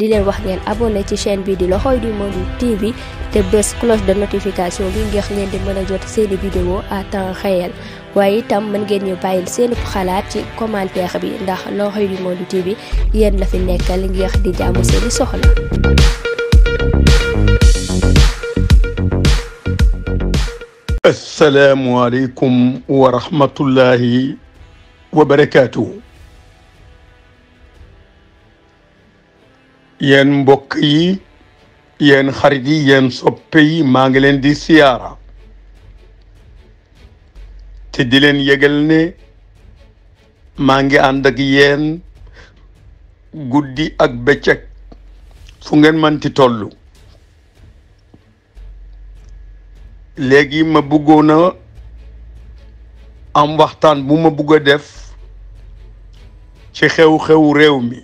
di len wax ngeen abonné ci chaîne bi di loxoy du monde tv té bés cloche de notification bi ngeex ngeen di mëna jot seeni vidéo à temps réel waye tam mën ngeen ñu bayil seen xalaat ci commentaire bi ndax loxoy du monde tv yeen la fi nekkal ngeex di jaamu seeni soxla السلام عليكم ورحمة الله وبركاته yenn mbokk yi yenn xarit yi yéen soppe yi maa ngi leen di siyaara te di leen yëgal ne maa ngi ànd ak guddi ak bëccëg fu ngeen manti tollu léegi ma bëggoon a am waxtaan bu ma bëgg a def ci xew-xewu réew mi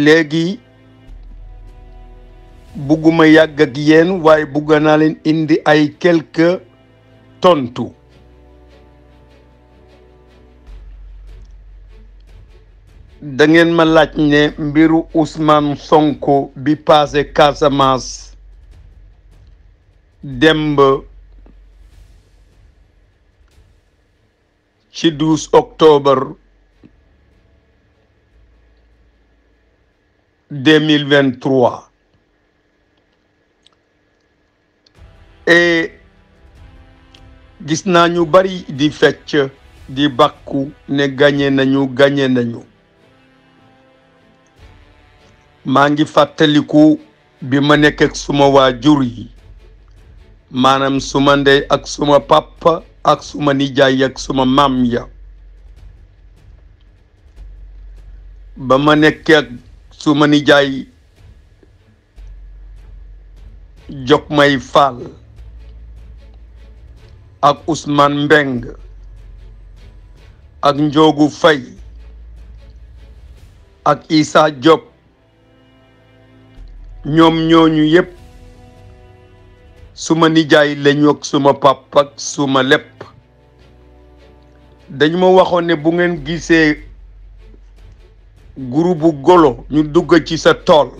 léegi bugguma yàgg ak yéen waaye bugga naa leen indi ay kelk tontu dangeen ma laaj ne mbiru usmaan Sonko bi passé Casamance demb ci 12 deux vingt trois gis naa ñu bari di fecc di bàkku ne gañe nañu gañe nañu maa ngi fàttaliku bi ma nekk ak suma waajur yi maanaam suma ndey ak suma papa ak suma nijaay ak suma maam ya ba ma nekk su ma jay jok May Fall ak Ousmane Mbeng ak njogu Fay ak isa Diop ñom ñoñu yep suma jay lañu ak suma papa ak suma lepp dañ ma bu ngeen gisee gurubu golo ñu dugg ci sa tool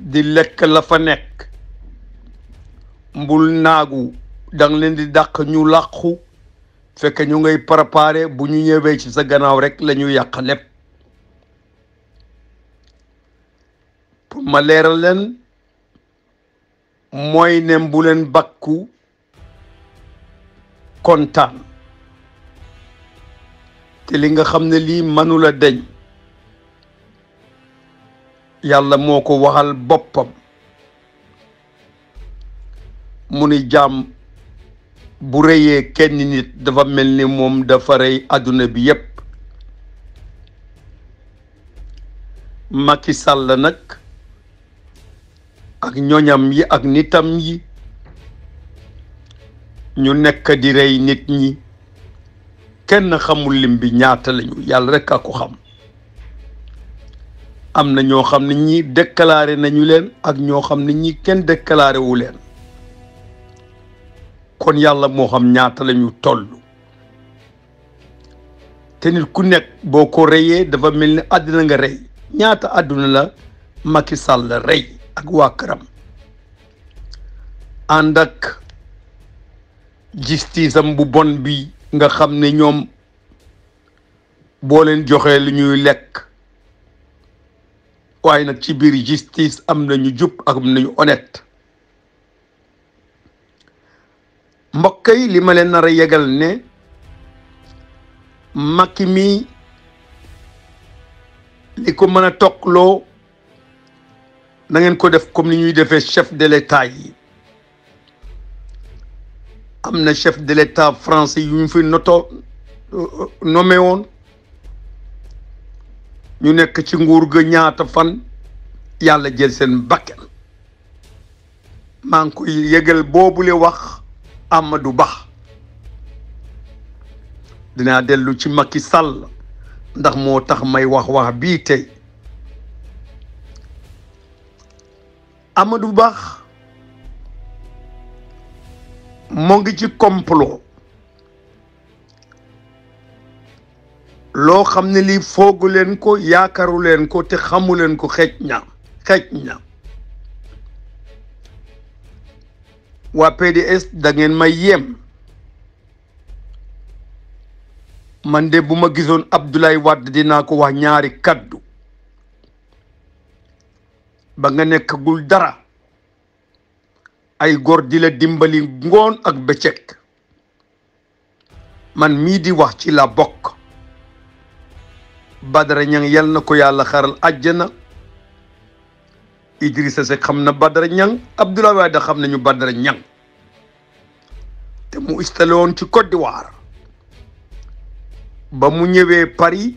di lekk la fa nekk mbul naagu dang leen di dàq ñu làqu fekk ñu ngay préparé bu ñu ñëwee ci sa gannaaw rekk la yàq lépp pour ma leera leen mooy ne bu leen bakku kontaan te li nga xam ne lii mënula deñ yàlla moo ko waxal boppam mu ni jaam bu rëyee kenn nit dafa mel ni moom dafa rëy adduna bi yépp Macky Sall nag ak ñoñam yi ak nitam yi ñu nekk di rey nit ñi kenn xamul lim bi ñaata lañu yàlla rekk a ko xam am na ñoo xam ne ñii déclaré nañu leen ak ñoo xam ne ñi kenn déclaré leen kon yàlla moo xam ñaata lañu toll te nit ku nekk boo ko reyee dafa mel ni àddina nga rey ñaata àdduna la Macky Sall la rey ak waa këram ànd ak justice bu bon bi nga xam ne ñoom boo leen joxee lu ñuy lekk waaye nag ci biir justice am nañu jub ak am nañu honnête mbokk yi li ma leen nar a yegal ne Macky mi li ko mën a toqloo na ngeen ko def comme ni ñuy defee chef de l'État yi am na chef de l'État français yu ñu fi noto euh, euh, nommé woon ñu nekk ci nguur ga ñaata fan yàlla jël seen bakkan maa ngi koy yëgal boobule wax du Ba dinaa dellu ci Macky Sall ndax moo tax may wax wax bii tey Amadou baax mu ngi ci complot loo xam ne lii foogu leen ko yaakaaru leen ko te xamu leen ko xeej na xeej na waa PDS da may yem man de bu ma gisoon Abdoulaye Wade dinaa ko wax ñaari kaddu ba nga nekk nekkagul dara ay góor di dimbali ngoon ak bëccëg man mii di wax ci la bokk Badara Ñang yal na ko yàlla xaral àjjana Idrissa Seck xam na Badara Ñang Abdoulaye Wade xam nañu Badara Ñang te mu installé woon ci Côte ba mu ñëwee Paris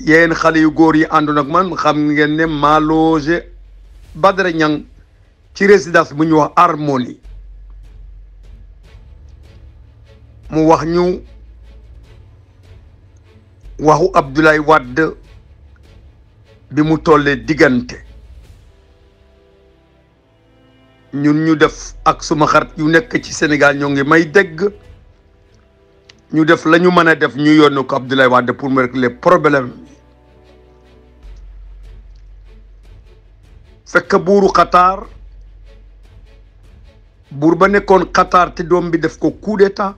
yéen xale yu góor yi àndoon ak man xam ngeen ne maa logé ci résidence bu ñu wax Harmonie mu wax ñu waxu Abdoulaye wad bi mu tollee diggante ñun ñu def ak suma xart yu nekk ci Sénégal ñoo ngi may dégg ñu def lañu mëna def ñu yónn ko Abdoulaye wad pour me régler problème fekk buru Qatar bur ba nekkoon Qatar te doom bi def ko coup d'état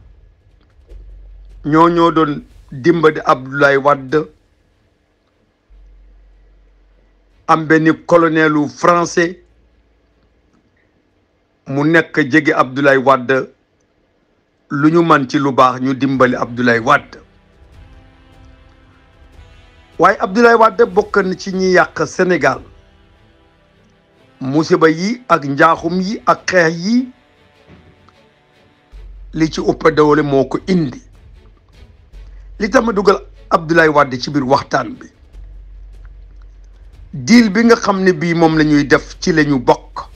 ñoo ñoo doon dimbali Abdoulaye Wade am benn colonelu français mu nekk jege Abdoulaye Wade lu ñu man ci lu baax ñu dimbali Abdoulaye Wade waaye Abdoulaye Wade bokk na ci ñi yàq Sénégal musiba yi ak njaaxum yi ak xeex yi li ci ëpp doole moo ko indi li tam Abdullahi dugal Abdoulaye Wade ci bir waxtan bi deal bi nga xamne bi mom lañuy def ci lañu bok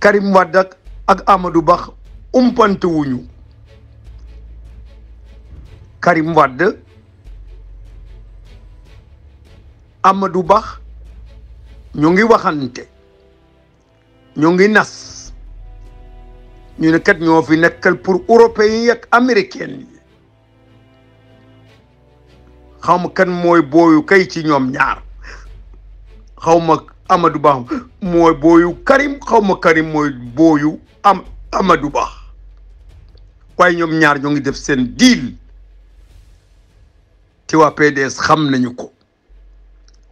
Karim Wade ak Amadou bax umpante wuñu Karim Wade Amadou bax ñu ngi waxante ñu ngi nas ñu ne kat ñoo fi nekkal pour européen yi ak américain yi xaw ma kan mooy booyu kay ci ñoom ñaar xaw ma Amadou mooy booyu Karim xaw ma Karim mooy booyu amadu Amadou waaye ñoom ñaar ñoo ngi def seen deal ci waa PDS xam nañu ko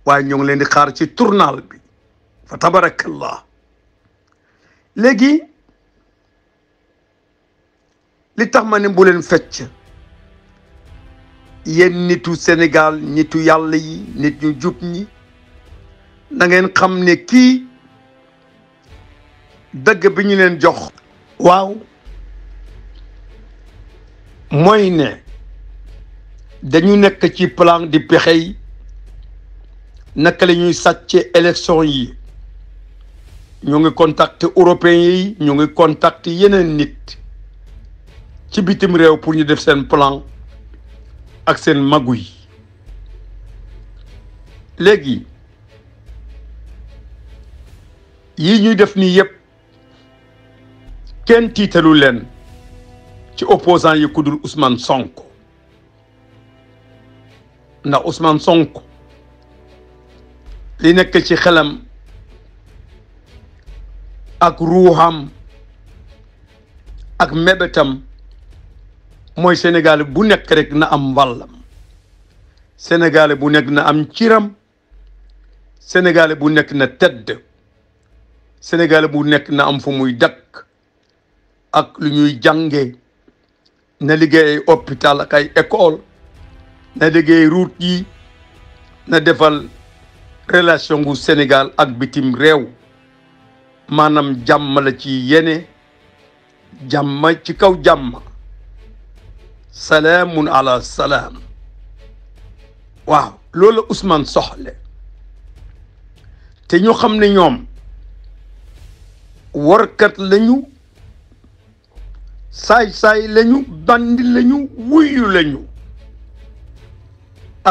waaye ñoo ngi leen di xaar ci turnaal bi fa tabarakallah léegi li tax ma ne bu fecc yéen nitu Sénégal nitu yàlla yi nit ñu jub ñi na xam ne kii dëgg bi ñu leen jox waaw mooy ne dañu nekk ci plan di pexe yi naka la ñuy sàcce élection yi ñu ngi contact européen yi ñu ngi contact yeneen nit ci bitim réew pour ñu def seen plan ak seen maguy léegi yi ñuy def nii yëpp kenn tiitalu leen ci opposant yi ku dul Ousmane Sonko ndax Ousmane Sonko li nekk ci xelam ak ruuxam ak mebetam mooy sénégalais bu nekk rek na am wàllam sénégalais bu nekk na am ciram sénégalais bu nekk na tedd sénégalais bu nekk na am fu muy dakk ak lu ñuy jànge na liggéey hôpital ak ay école na liggéey route yi na defal relation gu Sénégal ak bitim réew maanaam jàmm la ci yene jàmm ci kaw jàmm salaamun ala salaam waaw loolu usmaan Ousmane soxle te ñu xam ne ñoom warkat lañu saay-saay lañu bandi lañu wuyu lañu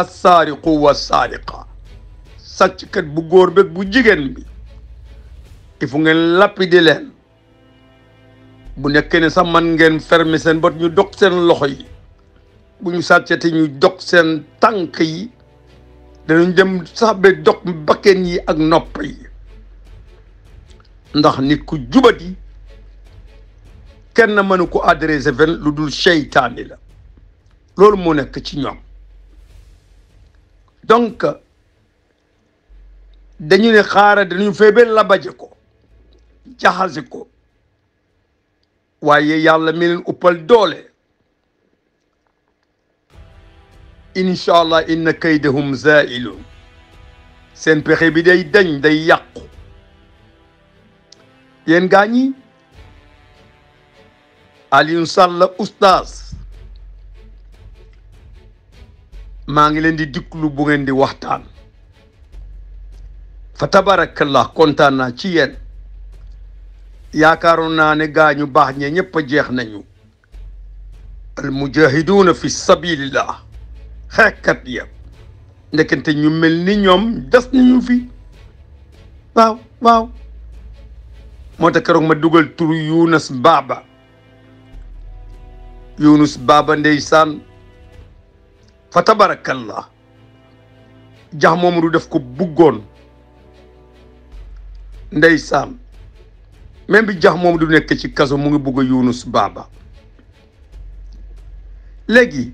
assaariqu wa saariqa sàcckat bu góor beeg bu jigéen bi il faut ngeen lappidi leen bu nekkee ne sax man ngeen fermer seen bët ñu dog seen loxo yi bu ñu sàccate ñu dog seen tànk yi danañ dem sax ba dog bakken yi ak nopp yi ndax nit ku jubati kenn mënu ko adressé fen lu dul seytaani la loolu mu nekk ci ñoom donc dañu ne xaara dañu feebe labaje ko jaxase ko waaye yàlla mi uppal doole incha allah inna kaydahum zailun seen pexe bi day dañ day yàqu yéen gaañi ñi Alioune Sall oustaz maa ngi leen di diklu bu ngeen di waxtaan fa tabarakallah kontaan naa ci yéen yaakaaroon naa ne gaa baax ñe ñëpp jeex nañu al mujahiduuna fi sabilillah xeexkat ya ndekete ñu mel ni ñoom des nañu fi waaw waaw moo tax keroog ma dugal tur Yunus baaba Yunus Baba ndeysaan fa tabarakallah jax moomu du def ko buggoon ndeysaan même bi jax moomu du nekk ci kaso mu ngi bugg a Yunus Baba léegi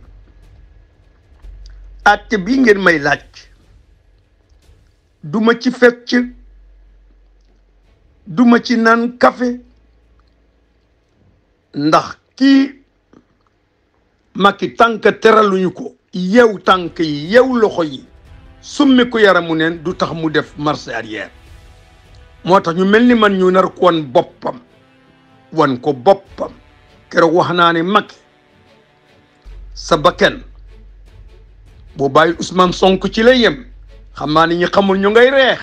atte bii ngeen may laaj duma ci fecc duma ci naan kafe ndax kii Macky tànk teraluñu ko yew tànk yi yew loxo yi summi ko yaramu neen du tax mu def marche arrière moo tax ñu mel ni man ñu nar ko wan boppam wan ko boppam keroog wax naa ne Macky sa bakken boo bàyyi Ousmane sonk ci lay yem xam naa ni ñi xamul ñu ngay reex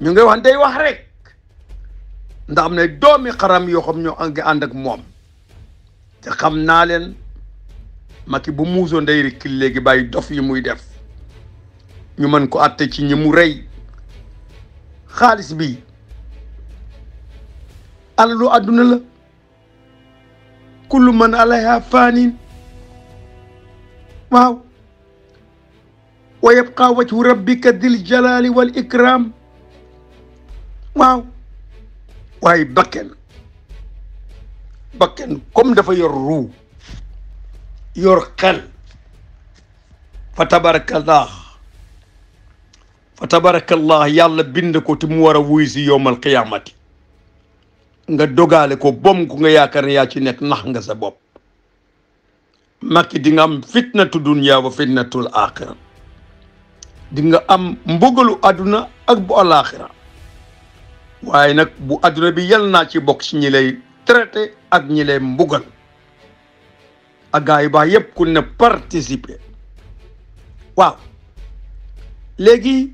ñu ngay wax day wax rek ndax am na doomi xaram yoo xam ñoo ngi ànd ak moom te xam naa leen Macky bu muusoo nday rikki léegi bàyyi dof yi muy def ñu mën ko atte ci ñimu mu rey xaalis bi alalu àdduna la kullu man alayha faanin واو ويبقى وجه ربك ذي الجلال والإكرام واو واي بكن بكن كم دفا يرو يرقل فتبارك الله فتبارك الله يالا بندكو تمورا ويزي يوم القيامة nga dogalé ko bom ko nga yaakaar ya ci nek nax nga sa bop Macky di nga am fitnatu dunya wa fitnatul axira di nga am mbugalu àdduna ak bu alaxira waaye nag bu àdduna bi yal naa ci bokk ci ñi traité ak ñi lay mbugal ak gaa yi yëpp ku ne participer waaw léegi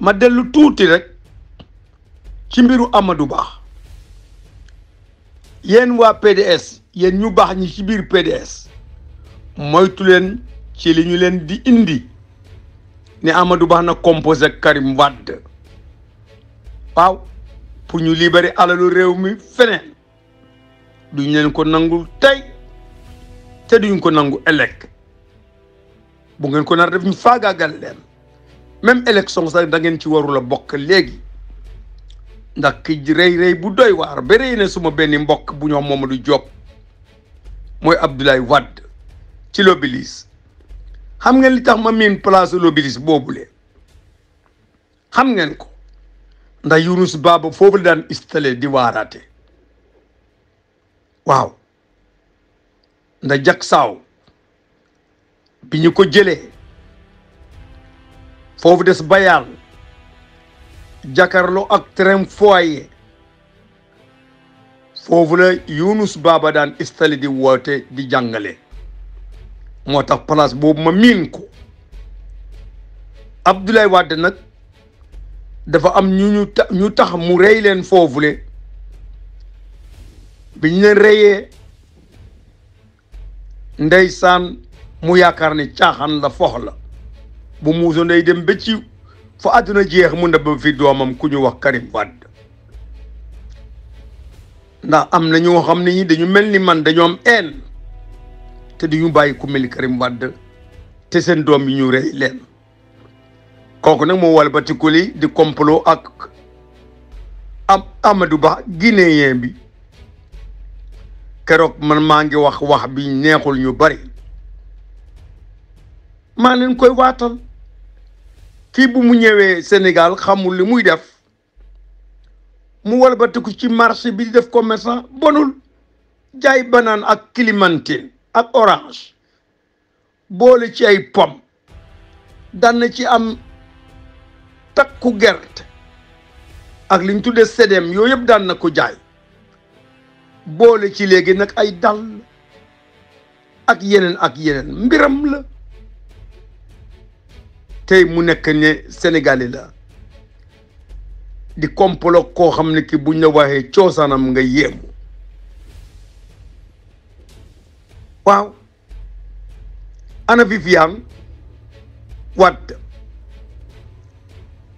ma dellu tuuti rek ci mbiru Amadou Ba yéen waa PDS yéen ñu baax ñi ci biir PDS moytu leen ci li ñu leen di indi ne Amadou baax na composé Karim Wade waaw pour ñu libérer alalu réew mi feneen duñ leen ko nangu tey te duñ ko nangu ëllëg bu ngeen ko nar def ñu faagaagal leen même élection sax dangeen ci warul a bokk léegi ndax ki rey rey bu doy waar ba rey na suma benni mbokk bu ñoo Mamadou Diop mooy Abdoulaye Wade ci l'Obélisque xam ngeen li tax ma miin place l'Obélisque boobule xam ngeen ko nda Yunus Baba foofu la daan installé di waaraate waaw ndax jak saaw bi ñu ko jëlee foofu des bayaan jakarlo ak train foyer foofu la Yunus Baba daan istali di woote di jàngale moo tax place boobu ma miin ko Abdoulaye Wade nag dafa am ñu ñu tax mu rey leen foofule bi ñu leen reyee ndeysaan mu yaakaar ni caaxaan la fox la bu muuso ndey dem ba ci fa àdduna jeex mu ndab fi doomam ku ñu wax Karim Wade ndax am na ñoo xam ne ñi dañu mel ni man dañoo am een te duñu bàyyi ku mel ni Karim Wade te seen doom yi ñu rey leen kooku nag moo walbatiku li di complot ak am Amadou Ba guinéen bi keroog man maa ngi wax wax bi neexul ñu bari maa leen koy waatal kii bu mu ñëwee Sénégal xamul li muy def mu walbatiku ci marché bi def commerçant bonul jaay banaan ak clémentine ak orange boole ci ay pom daan na ci am takku gert ak liñ tuddee sedem yooyu yëpp daan na ko jaay boole ci léegi nag ay dàll ak yeneen ak yeneen mbiram la tey mu nekk ne Sénégalais la di komplo koo xam ne ki buñ la waxee coosaanam nga yéemu waaw ana Viviane Wade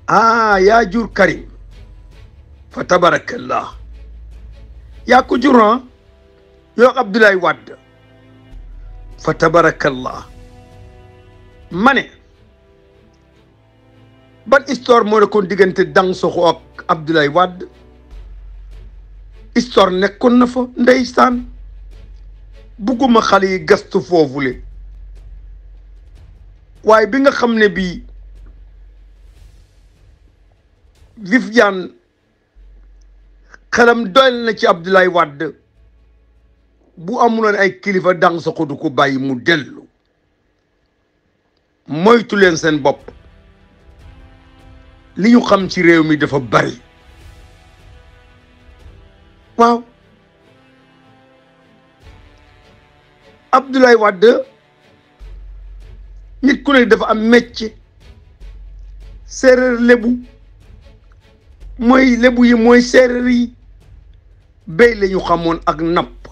ah yaa jur Karim fa tabarakallah yaa ko juran ah? yoo Abdoulaye Wade fa tabarakallah ma ne ban histoire moo nekkoon diggante Dansokho ak Abdoulaye Wade histoire nekkoon na fa ndeysaan bugguma xale yi gastu foofule waaye bi nga xam ne bii Viviane kalam doyal na ci Abdoulaye Wade bu amuloon ay kilifa Dansokho du ko bàyyi mu dellu moytu leen seen bopp li ñu xam ci réew mi dafa bari waaw Abdoulaye Wade nit ku nekk dafa am métier séeréer lebu mooy lébu yi mooy séeréer yi béy la ñu xamoon ak napp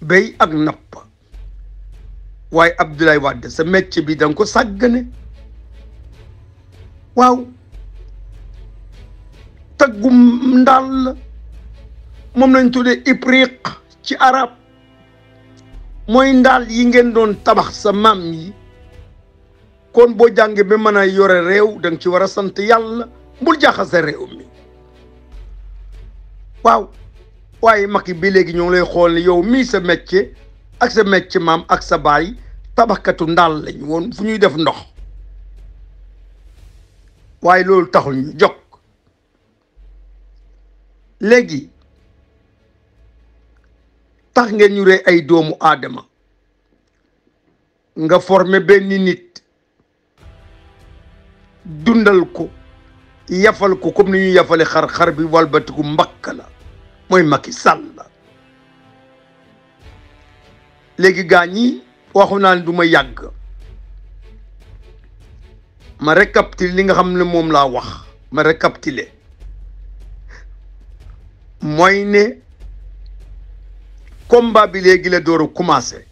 béy ak napp waaye Abdoulaye Wade sa métier bi da ko sàggane waaw tëggum ndaal la moom lañ tuddee ipriq ci arab mooy ndaal yi ngeen doon tabax sa maam yi kon boo jàngee ba mën yore réew da ci war a sant yàlla bul jaxase réew mi waaw waaye mag yi bi léegi ñoo lay xool ne yow mii sa métier ak sa métier maam ak sa baay tabaxkatu ndaal lañ woon fu ñuy def ndox waaye loolu taxul ñu jóg léegi tax ngeen ñu rey ay doomu aadama nga forme benn nit dundal ko yafal ko comme ni ñu yafale xar-xar bi walbatiku mbakk mooy Macky Sall léegi gaa ñi waxu naan duma du yàgg ma récapitule li nga xam ne moom laa wax ma récapitule mooy ne combat bi léegi la door a commencé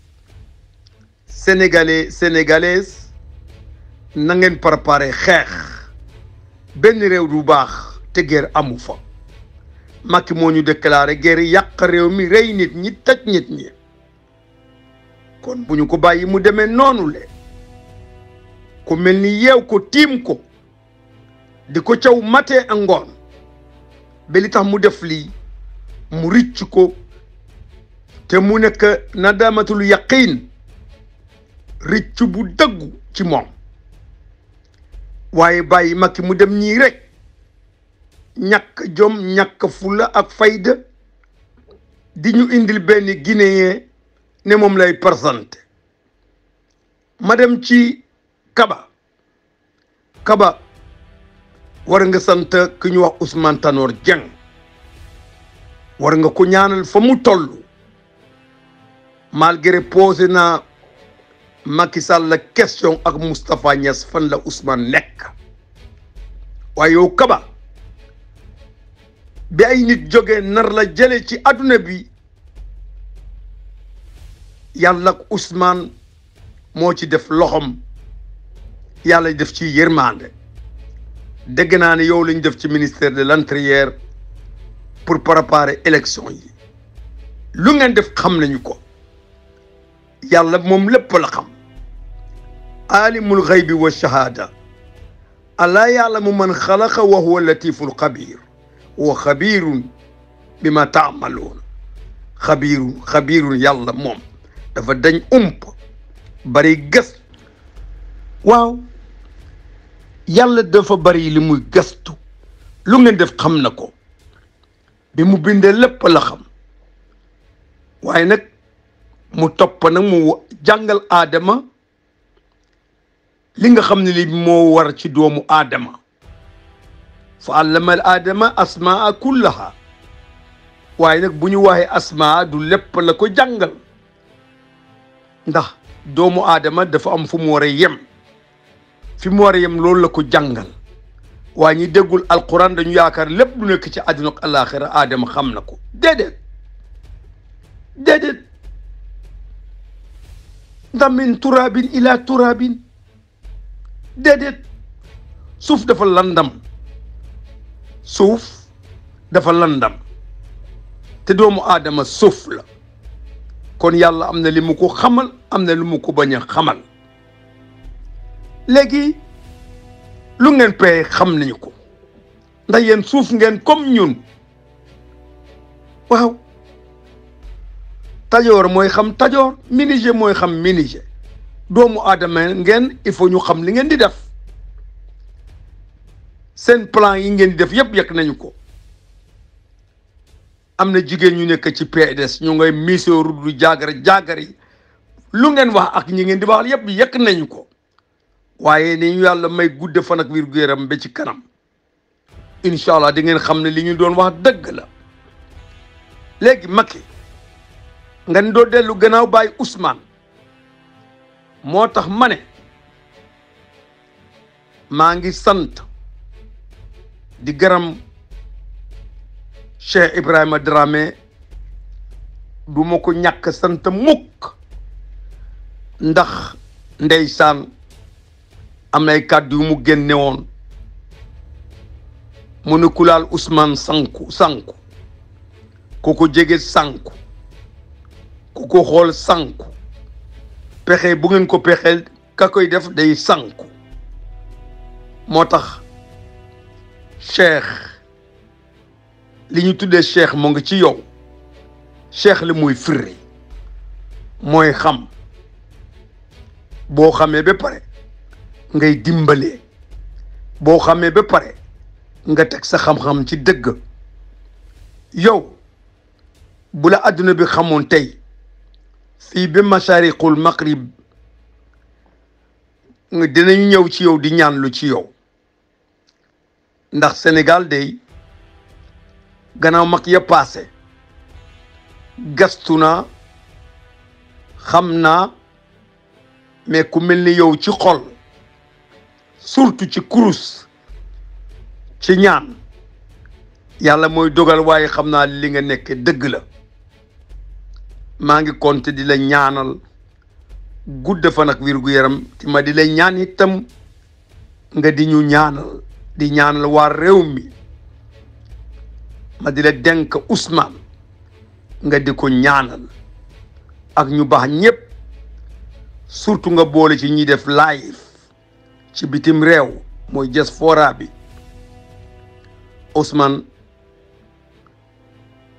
sénégalais sénégalaise na ngeen préparé xeex benn réew du baax te guerre amu fa Macky moo ñu déclaré guerre yàq réew mi rey nit ñi taj nit ñi kon bu ñu ko bàyyi mu demee noonu le ko mel ni yeew ko tiim ko di ko caw matee ak ngoon ba li tax mu def lii mu ricc ko te mu nekk nadaamatul yaqiin ricc bu dëggu ci moom waaye bàyyi makki mu dem ñii rek ñàkk jom ñàkk fulla ak fayda di ñu indil benn guinéen ne moom lay présenté ma dem ci Kaba Kaba war nga sant ki ñu wax Ousmane Tanor Dieng war nga ko ñaanal fa mu toll malgré posé na Macky Sall la question ak Moustapha Niass fan la usman nekk waaye Kaba bi ay nit jógee nar la jële ci adduna bi yàlla ak Ousmane moo ci def loxom يالا دفتي يرماند دغنان يو لين دفتي مينستر دي لانتريير بور بارابار اليكسيون يي لو نين دف خام نانيو كو يالا موم لب لا خام عالم الغيب والشهاده الله يعلم من خلق وهو اللطيف القبير وخبير بما تعملون خبير خبير يلا موم دا فا دنج امب بري غس واو wow. yàlla dafa bari li muy gastu lu ngeen def xam na ko bi mu bindee lépp la xam waaye nag mu topp nag mu jàngal aadama li nga xam ne li moo war ci doomu aadama fa allama al asmaa kullaha waaye nag bu ñu waxee du lépp la ko jàngal ndax doomu aadama dafa am fu mu war yem fi mu war a yem loolu la ko jàngal waaye ñi déggul alquran dañu yaakaar lépp lu nekk ci àdduna ak alaxira aadama xam na ko déedéet déedéet ndax min turabin ila turabin déedéet suuf dafa landam suuf dafa landam te doomu aadama suuf la kon yàlla am na li mu ko xamal am na li mu ko bañ a xamal legi lu ngeen pay xam nañu ko ndax yeen suuf ngeen comme ñun waaw tajor moy xam tajor miniger moy xam miniger doomu adama ngeen il faut ñu xam li ngeen di def sen plan yi ngeen di def yeb yak nañu ko amna na ñu nekk ci PDS ñu ngay du jagar jagar yi lu ngeen wax ak ñi ngeen di wax yeb yak nañu ko waaye ni ñu yàlla may gudde fan ak wér gu yaram ba ci kanam incha allah di ngeen xam ne li ñu doon wax dëgg la léegi Macky nga ni doo dellu ganaaw bàyyi Ousmane moo tax ma ne maa ngi sant di gërëm Cheikh Ibrahima Dramé du ma ko ñàkk sant mukk ndax ndeysaan am na ay kàddu mu génne woon mu ne kulaal Ousmane sanku sanku ku ko jege sanku ku ko xool sanku pexe bu ngeen ko pexe ka koy def day sanku moo tax cheikh li ñu tudde cheikh mu ngi ci yow cheikh li muy firi mooy xam boo xamee ba pare ngay dimbalee boo xamee ba pare nga teg sa xam-xam ci dëgg yow bula la adduna bi xamoon tey fii ba masariqul maghrib dinañ ñëw ci yow di ñaan lu ci yow ndax Sénégal dey gannaaw mag ya paase gastu na xam naa mais ku mel ni yow ci xool surtout ci kurus ci ñaan yàlla mooy dogal waaye xam naa li nga nekk dëgg la maa ngi konte di la ñaanal gudd fan ak gu yaram ti ma di la ñaan itam nga di ñu ñaanal di ñaanal waa réew mi ma di la denk Ousmane nga di ko ñaanal ak ñu baax ñépp surtout nga boole ci ñi def live ci bitim réew mooy diaspora bi Ousmane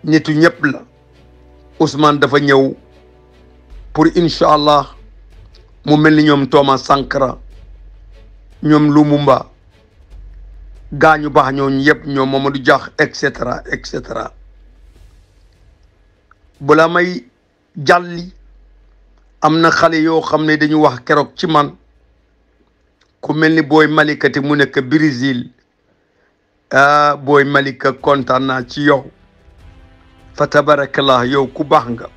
nitu ñëpp la Ousmane dafa ñëw pour incha allah mu mel ni ñoom Thomas Sankara ñoom Lumumba gaañu baax ñooñu yëpp ñoom Mamadou Diakh et cetera et cetera bala may jàlli am na xale yoo xam ne dañu wax keroog ci man ku mel ni booy Malika te mu nekk Brésil ah booy Malika kontaan naa ci yow fa tabarakallah yow ku baax nga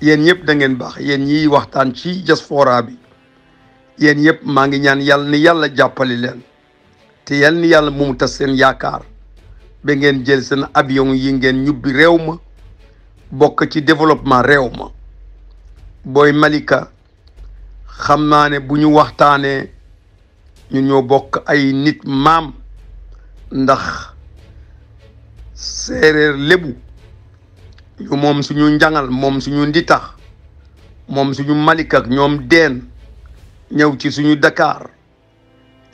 yéen ñëpp dangeen baax yéen ñiy waxtaan ci diaspora bi yéen yëpp maa ngi ñaan yàlla ni yàlla jàppale leen te yàlla ni yàlla mu tas seen yaakaar ba ngeen jël seen avion yi ngeen ñubbi réew ma bokk ci développement réew ma booy Malika xam naa bu ñu waxtaanee. ñu ñoo bokk ay nit maam ndax séeréer lébu ñu moom suñu njangal moom suñu nditax moom suñu malik ak ñoom deen ñëw ci suñu Dakar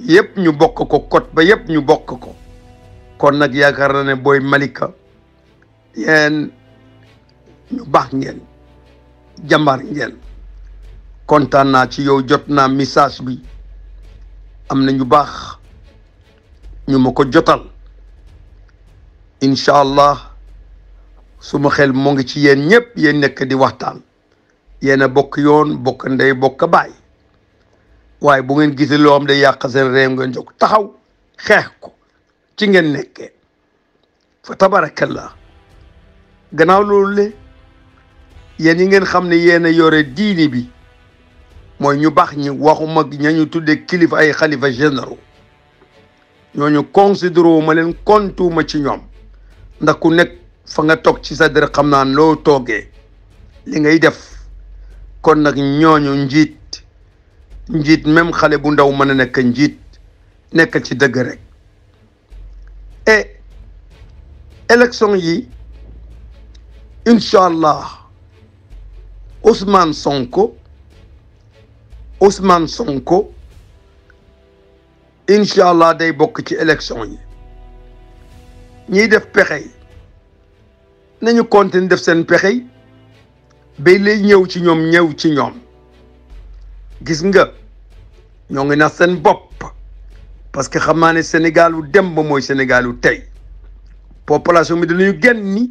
yépp ñu bokk ko kot ba yépp ñu bokk ko kon nag yaakaar na ne booy malika yen ñu bax ngeen jambar ngeen kontaan naa ci yow jot message bi am na ñu baax ñu ma ko jotal incha allah suma xel moo ngi ci yéen ñëpp yéen nekk di waxtaan yéen a bokk yoon bokk ndey bokk a baay waaye bu ngeen gisee loo xam day yàq seen réew ngeen jóg taxaw xeex ko ci ngeen nekkee fa tabarakallah gannaaw loolu le yéen yi ngeen xam ne yéen a yore diini bi moy ñu bax ñi waxuma ñañu tuddé kilifa ay khalifa généraux ñooñu considéré wu ma leen ma ci ñom ndax ku nek fa nga tok ci sa dër xamna lo togué li ngay def kon njit njit même xalé bu ndaw mëna nek njit nek ci dëgg rek e élection yi inshallah Ousmane Sonko Ousmane Sonko incha allah day bokk ci élection yi ñiy def pexe nañu continuer def seen pexe bay ba lay ñëw ci ñoom ñëw ci ñoom gis nga ñoo ngi nax seen bopp parce que xam naa ne Sénégal dem ba mooy Sénégal lu tey population bi dinañu génn ni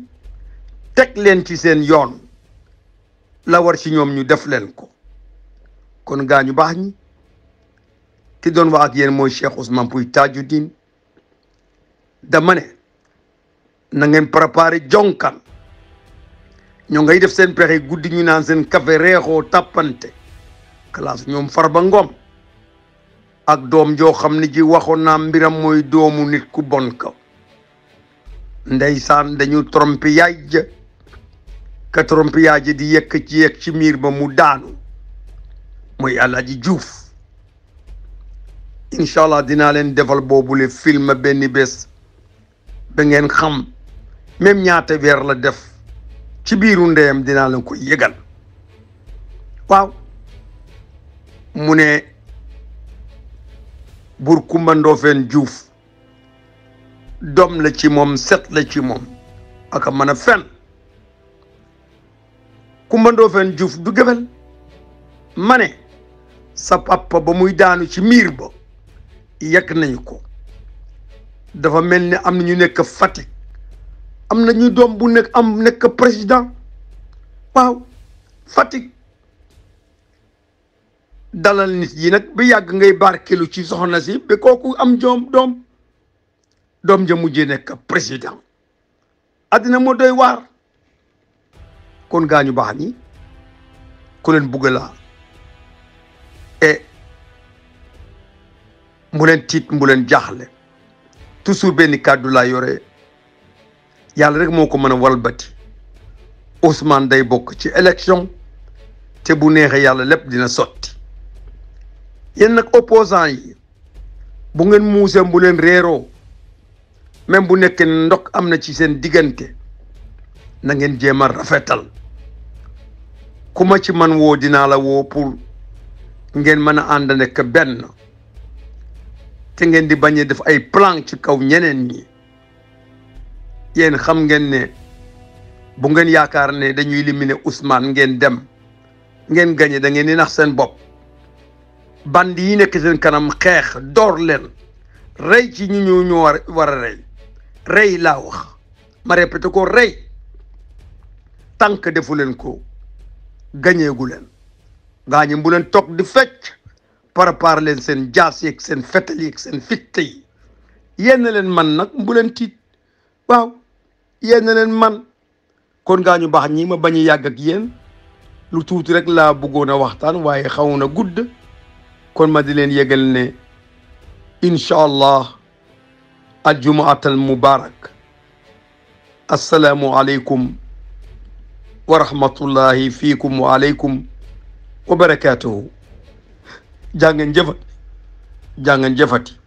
teg leen ci seen yoon la war ci ñoom ñu def leen ko. kon gaañu baax ñi ki doon wax ak yeen mooy Cheikh Ousmane Pouye Tadjidine dama ne na ngeen préparé jonkan ñoo ngay def seen pexe guddi ñu naan seen café reexoo tàppante classe ñoom Farba Ngom ak doom joo xam ne ji waxoon naa mbiram mooy doomu nit ku bon kaw ndeysaan dañu trompe yaay ja ka trompe yaay ja di yekk ci yekk ci miir ba mu daanu muy Alaaji juuf incha allah dinaa leen defal boobule film benn bés ba ngeen xam même ñaata weer la def ci biiru ndeyam dinaa leen ko yegal waaw mu ne Bur Kumba Ndoofeen juuf doom la ci moom set la ci moom aka mën a fen Kumba Ndoofeen Diouf du gëbal ma sa papa ba muy daanu ci miir ba yekk nañu ko dafa mel ni am na ñu nekk Fatick am na ñu doom bu nekk am nekk président waaw Fatick dalal nit yi nag bi yàgg ngay kilo ci soxna si ba kooku am joom doom doom ja mujjee nekk président àddina moo doy waar kon gaañu baax ni ku leen bugg laa et mu leen tiit mu leen jaaxle toujours benn kàddu laa yore yàlla rek moo ko mën a walbati Ousmane day bokk ci élection te bu neexee yàlla lépp dina sotti yéen nag opposant yi bu ngeen muusee bu leen réeroo même bu nekkee ndok am na ci seen diggante na ngeen jéem a rafetal ku ma ci man woo dinaa la woo pour ngeen mën a ànd nekk benn te ngeen di bañ a def ay plan ci kaw ñeneen ñi yéen xam ngeen ne bu ngeen yaakaar ne dañuy limine Ousmane ngeen dem ngeen gañe dangeen di nax seen bopp band yi nekk seen kanam xeex door leen rey ci ñu ñëw ñu war a rey rey laa wax ma répété ko rey tànk defu leen ko gañeegu leen gaañi bu leen di fecc prépare leen seen jaas yeeg seen fetal yeeg seen fitte yi yéen leen man nag bu leen tiit waaw yéen leen man kon gaañu baax ñii ma bañ a yàgg ak yéen lu tuuti rek laa bëggoon a waxtaan waaye xaw na gudd kon ma di leen yëgal ne incha allah aljumaatal mubarak assalaamu aleykum wa rahmatullahi fiikum wa aleykum wa barakaatuhu jaa ngeen jëfat jaa ngeen jëfati